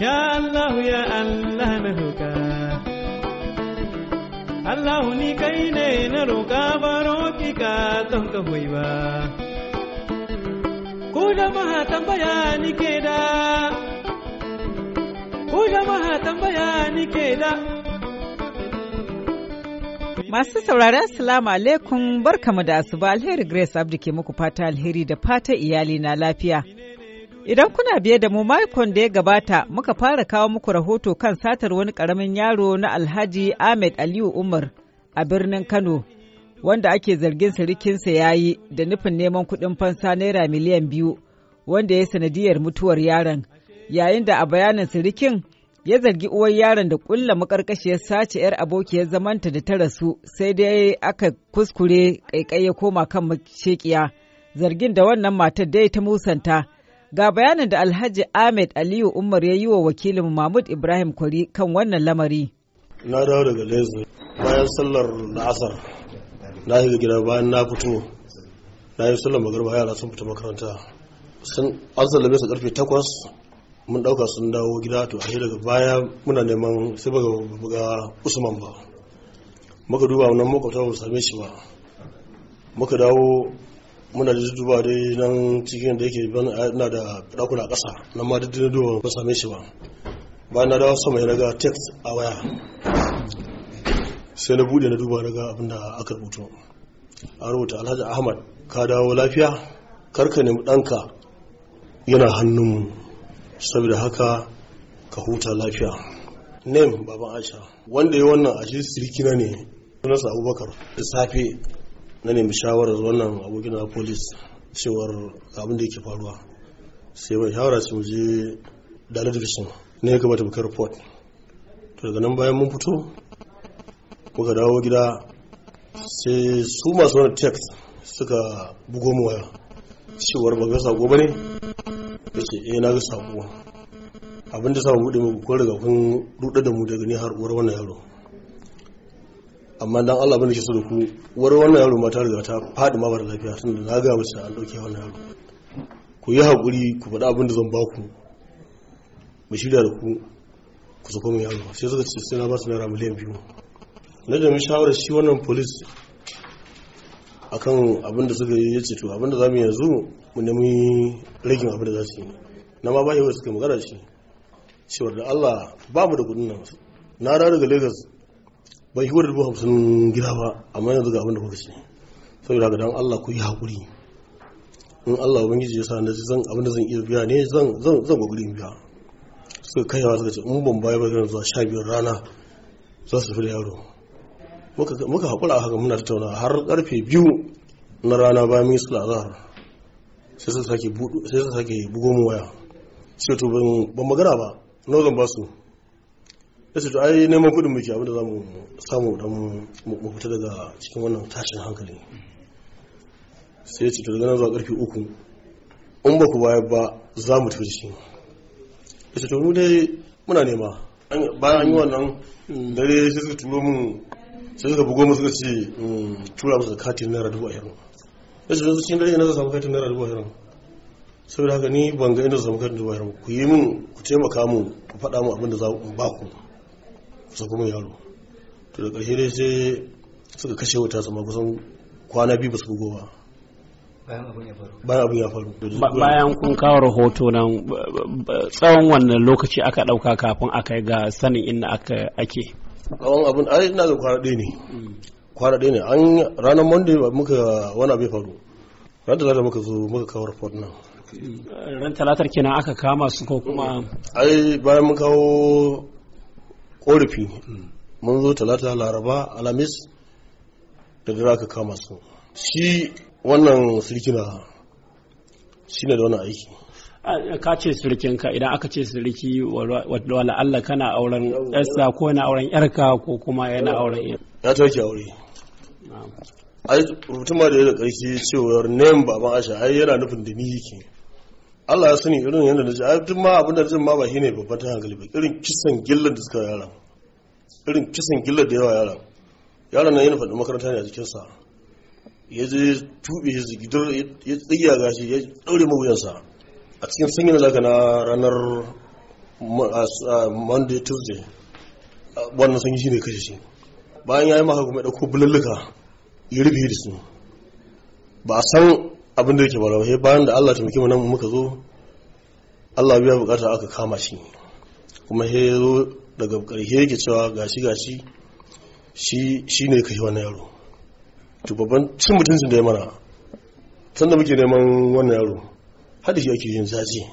Ya Allah ya Allah na roƙa Allah ni kai ne na roƙa baro ki ka don ka hoyi ba Ku jama'a tambaya ni ke da Ku jama'a tambaya ni ke da Masu sauraron Assalamu alaikum barkamu da asuba alheri Grace Abdi ke muku fata alheri da fata iyali na lafiya. Idan kuna biye da mu makon da ya gabata muka fara kawo muku rahoto kan satar wani karamin yaro na Alhaji Ahmed Aliyu Umar a birnin Kano wanda ake zargin sirikinsa ya yi da nufin neman kuɗin fansa naira miliyan biyu wanda ya sanadiyar mutuwar yaron yayin da a bayanin sirikin ya zargi uwar yaron da ƙulla makarkashiyar sace 'yar abokiyar zamanta da ta rasu sai dai aka kuskure ya koma kan mashekiya zargin da wannan matar dai ta musanta. Ga bayanin da Alhaji Ahmed Aliyu Umar ya yi wa wakilin Mahmud Ibrahim Kwari kan wannan lamari. Na dawo daga Lezu bayan sallar la'asar na shiga gida bayan na fito na yi sallar magarba yara sun fita makaranta. Sun an su karfe takwas mun dauka sun dawo gida to ashe daga baya muna neman sai baga buga Usman ba. Muka duba wannan makwabta ba same shi ba. Muka dawo muna da duba dai nan cikin da yake na da ɗakuna ƙasa na ma duk duba ba same shi ba bayan na dawo sama ya daga text a waya sai na bude na duba daga abin da aka rubuto a rubuta alhaji ahmad ka dawo lafiya karka nemi ɗanka yana hannunmu saboda haka ka huta lafiya name baban aisha wanda ya wannan ashe sirikina ne sunansa abubakar da safe na nemi shawarar wannan abokin na polis cewar abin da yake faruwa sai mai shawara su mu je dalar division ne ya kamata mu kai report to daga nan bayan mun fito muka dawo gida sai su masu wani text suka bugo mu waya cewar ba ga sako ba ne ya ce eh na ga sako abin da sa mu buɗe mu kwarar ga kun rudar da mu daga ni har uwar wannan yaro amma dan Allah bane shi su da ku war wannan yaro mata riga ta fadi ma bar lafiya tun da na ga musu an dauke wannan yaro ku yi hakuri ku faɗa abin da zan ba ku mu shirya da ku ku zo mai yaro sai suka ce sai na ba su naira miliyan biyu na da mun shawarar shi wannan police akan abin da suka yi ya ce to abin da za mu yanzu mu nemi ragin abin da za su yi na ma ba yi suka magana shi cewar da Allah babu da kudin nan na dawo daga Lagos bai yi dubu hamsin gida ba amma yanzu ga abin da kuka ce saboda ga dan Allah ku yi hakuri in Allah ubangiji ya sa na ji zan abinda zan iya biya ne zan zan zan goguri biya suka kai yawa suka ce in ban ba zan zuwa sha biyar rana za su fi da yaro muka haƙura a haka muna tattauna har karfe biyu na rana bayan mun yi sula sai su sake bugon waya sai to ban magana ba nawa zan ba su ya to ai neman kuɗin muke abinda za mu samu don mu fita daga cikin wannan tashin hankali sai ya ce to daga nan zuwa karfe uku in ba ku bayar ba za mu tafi jikin ya ce to mu dai muna nema bayan yi wannan dare sai suka turo mun sai suka bugo mu suka ce mm, tura musu katin naira dubu ashirin ya ce to cikin dare na samu katin naira dubu ashirin saboda haka ni ban ga inda zama katin dubu ashirin ku yi min ku taimaka mu ku faɗa mu abin da za ku ba ku su kuma yaro to da ƙarshe dai sai suka kashe wuta zama kusan kwana biyu ba su bugo bayan abin ya faru bayan kun kawo rahoto nan tsawon wannan lokaci aka ɗauka kafin aka yi ga sanin inda aka ake tsawon abin ai ina ga kwana ɗaya ne kwana ɗaya ne an ranar monday muka wani abu faru ran talata muka zo muka kawo rahoto nan ran talatar kenan aka kama su ko kuma ai bayan mun kawo korafi ne mun zo talata laraba alamis da dare ka kama su shi wannan sirkina shi ne da wani aiki ka ce sirkinka idan aka ce sirki wala Allah kana auren yarsa ko yana auren yarka ko kuma yana auren ya tauke aure ai rubutun ma da ya da karshe cewar nem baban asha ai yana nufin da ni yake Allah ya sani irin yadda na jihar a duk ma abin da jin ma ba shi ne babban ta hankali ba irin kisan gillar da suka yara irin kisan gillar da yawa yara yaran nan yana faɗi makaranta ne a jikinsa sa ya je tuɓe shi zigidar ya tsiya gashi ya daure mawuyansa a cikin sanyin da na ranar monday tuesday wannan sanyi shi ne kashe shi bayan ya yi maka kuma ya ɗauko bulalluka ya rufe da su ba a san abin da yake ba sai bayan da Allah taimake mu nan muka zo Allah biya bukata aka kama shi kuma he zo daga karshe yake cewa gashi gashi shi ne ka yi wannan yaro to babban cin mutuncin da ya mana da muke neman wannan yaro hada shi ake yin zaji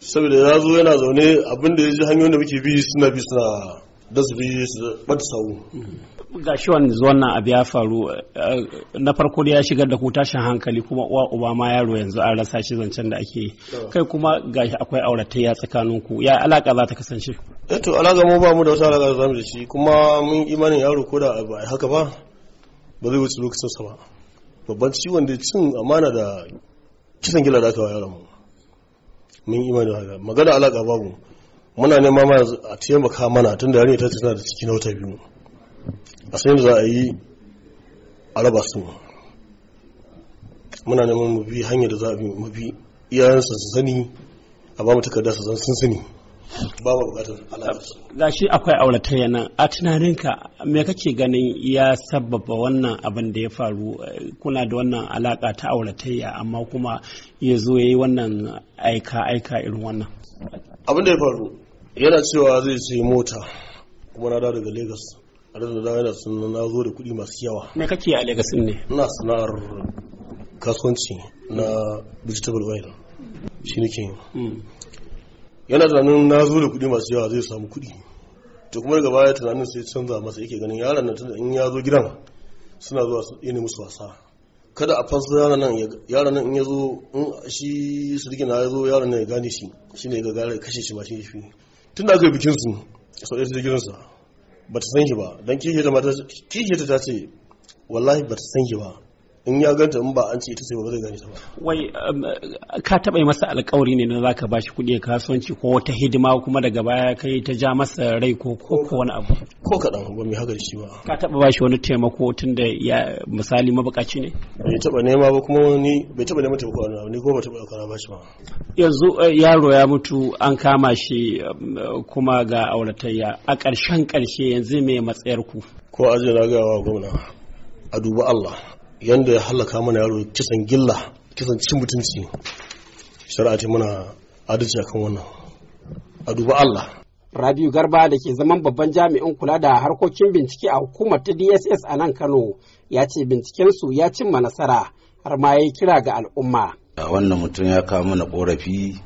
saboda ya zo yana zaune abin da ya ji hanyoyin da muke bi suna bi suna dasu su bi su ɓata sawu hmm. ga shi wannan abu ya faru eh, na farko da ya shigar da ku tashin hankali kuma uwa uba ma yaro yanzu an rasa shi zancen da ake yi kai kuma ga shi akwai auratayya tsakanin ku ya alaka za ta kasance eh to alaka mu ba mu da wata alaka za mu da shi kuma mun imanin yaro ko da ba haka ba ba zai wuce lokacin sa ba babban ciwon da cin amana da kisan gila da aka wa yaron mu mun imanin haka magana alaka babu muna neman ma a taimaka mana tun da yarinya ta tana da cikin wata biyu a sai za a yi a raba su muna neman mu hanyar da za a bi mu iyayen iyayensa su sani a ba mu takarda su sun sani ba mu bukatar alaƙarsu gashi akwai auratayya nan a tunaninka me kake ganin ya sababa wannan abin da ya faru kuna da wannan alaƙa ta auratayya amma kuma ya zo ya yi wannan aika aika irin wannan abin da ya faru yana cewa zai sai mota kuma na dawo daga lagos a da dawo da sun na zo da kuɗi masu yawa me kake a Lagos ne ina sana'ar kasuwanci na vegetable oil shi nake hmm. yana tunanin na zo da kuɗi masu yawa zai samu kuɗi to kuma daga baya tunanin sai canza masa yake ganin yaron nan tunda in ya zo gidan suna zuwa su ne musu wasa kada a fasu yaron nan nan in ya zo in shi su na ya zo yaron nan ya gane shi shine ga gare kashe shi ma shi ne tun da aka yi bikin su sau ɗaya su gidansa ba ta san shi ba don kishiyar ta ce wallahi ba ta san shi ba in ya ganta in ba an ce ita sai ba zai gane ta ba wai um, ka taba masa alkawari ne na zaka bashi kuɗi kasuwanci ko wata hidima kuma daga baya kai ta ja masa rai ko ko wani abu ko kaɗan ba mai haka shi ba ka taba bashi wani taimako tun da ya misali mabukaci ne bai taba nema ba kuma ni bai taba nema taimako wani abu ne ko ba taba ɗaukar bashi ba yanzu uh, yaro ya mutu an kama shi um, kuma ga auratayya a ƙarshen ƙarshe yanzu me matsayar ku ko aje na ga wa gwamna a duba Allah yanda ya halaka mana yaro kisan gilla kisan cin mutunci shari'a ce mana adalci akan wannan a duba Allah Rabiu Garba da ke zaman babban jami'in kula da harkokin bincike a hukumar ta DSS a nan Kano ya ce bincikensu ya cimma nasara har ma ya kira ga al'umma. Wannan mutum ya kawo mana korafi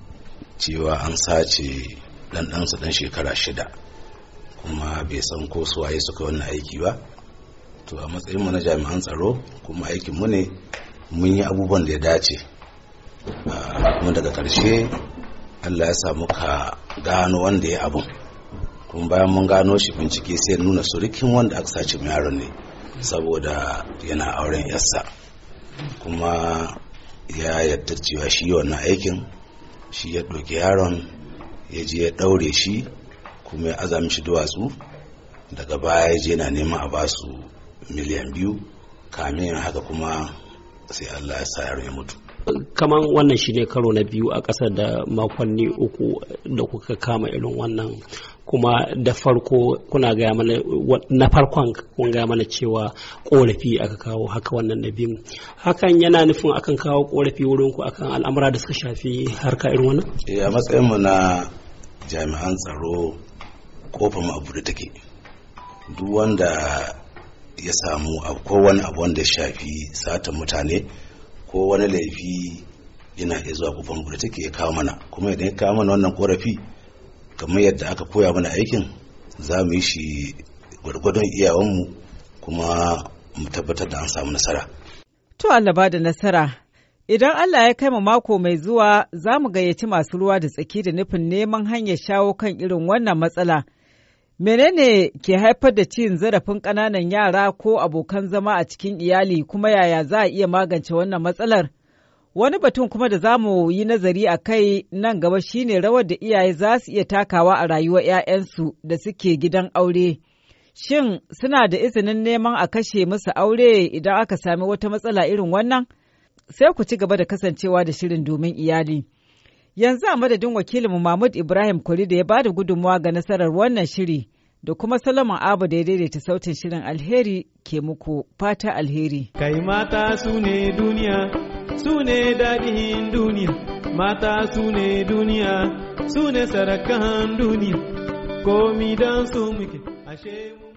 cewa an sace ɗanɗansa dan shekara shida kuma bai san ko suwaye suka wannan aiki ba to a mu na jami'an tsaro kuma aikinmu ne mun yi abubuwan da ya dace ah, kuma daga karshe allah ya samu ka gano wanda ya abun kuma bayan mun gano shi bincike sai nuna surikin wanda aka sace yaron ne saboda yana auren yassa kuma ya yadda cewa shi wannan aikin shi ya ɗauki yaron ya je ya ɗaure shi kuma ya azami shi duwatsu daga baya ya je na neman a basu miliyan biyu kamin haka kuma sai Allah ya sa ya mutu kaman wannan shine karo na biyu a ƙasar da makonni uku da kuka kama irin wannan kuma da farko kuna gaya mana na farkon kun gaya mana cewa korafi aka kawo haka wannan na biyu hakan yana nufin akan kawo korafi wurin ku akan al'amura da suka shafi harka irin wannan ya eh, matsayin mu na jami'an tsaro kofa mu abu da take duk wanda ya samu ko wani abu wanda ya shafi satan mutane ko wani laifi yana iya zuwa kufan da take ya kawo mana kuma idan ya kawo mana wannan korafi kamar yadda aka koya mana aikin za mu yi shi gwargwadon iyawanmu kuma mu tabbatar da an samu nasara. To Allah ba da nasara Idan Allah ya kai mu mako mai zuwa za mu gayyaci masu ruwa da tsaki da nufin neman hanyar shawo kan irin wannan matsala. Menene ke haifar da cin zarafin ƙananan yara ko abokan zama a cikin iyali kuma yaya za a iya magance wannan matsalar? Wani batun kuma da za mu yi nazari a kai nan gaba shine rawar da iyaye za su iya takawa a rayuwar 'ya'yansu da suke gidan aure. Shin suna da izinin neman a kashe musu aure idan aka sami wata matsala irin wannan? Sai ku ci gaba da kasancewa da shirin domin iyali. Yanzu a madadin wakilinmu Mahmud Ibrahim Kuri da ya ba da gudunmawa ga nasarar wannan shiri. da kuma Salama Abu da ya daidaita sautin shirin alheri ke muku fata alheri. Kai mata su ne duniya, su ne daɗin duniya, mata su ne duniya, su ne sarakan duniya, komi don su muke, ashe mu.